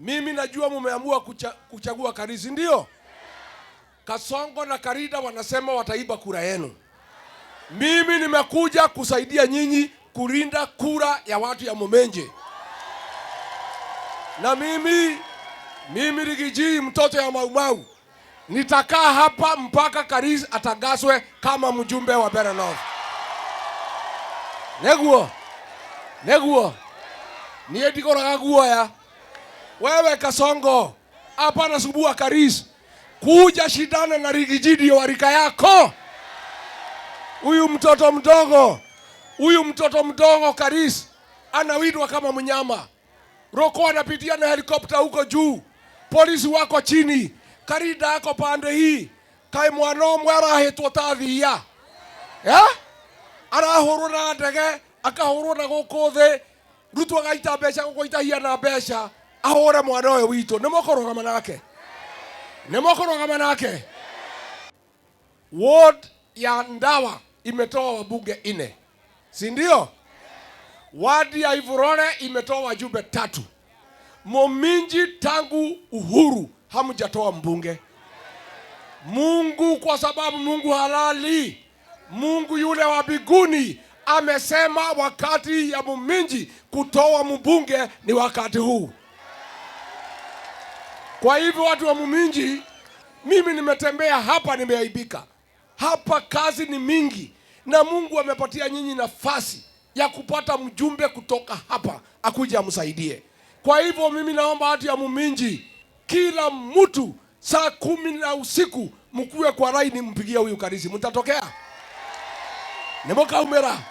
Mimi najua mumeamua kucha, kuchagua Karizi ndio? Kasongo na Karida wanasema wataiba kura yenu. Mimi nimekuja kusaidia nyinyi kulinda kura ya watu ya Momenje. Na mimi mimi Rigiji mtoto ya Maumau nitakaa hapa mpaka Kariz atagaswe kama mjumbe wa Bara North. Neguo. Neguo. Niye ndikoraga guoya wewe Kasongo hapa nasubua Karis, kuja shindana na Rigijidi wa rika yako. Huyu mtoto mdogo, huyu mtoto mdogo Karis anawindwa kama mnyama. Roko anapitia na helikopta huko juu, polisi wako chini, karida yako pande hii kai mwano mwera hitwo ta thiia ya arahurwo na ndege akahurwo na guku rutwo gaita mbeca gugaitahia na mbeca ahore mwana ũyũ witũ nĩ mũkũrũgama nake nĩ mũkũrũgama nake ward ya ndawa imetoa wabunge ine sindio wadi ya ivurore imetoa wajumbe tatu mominji tangu uhuru hamjatoa mbunge mungu kwa sababu mungu halali mungu yule wa biguni amesema wakati ya muminji kutoa mbunge ni wakati huu kwa hivyo watu wa Muminji, mimi nimetembea hapa, nimeaibika hapa. Kazi ni mingi, na Mungu amepatia nyinyi nafasi ya kupata mjumbe kutoka hapa akuja amsaidie. Kwa hivyo mimi naomba watu ya Muminji, kila mtu saa kumi na usiku mkuwe kwa raini, mpigie huyu Karisi, mtatokea nemoka umera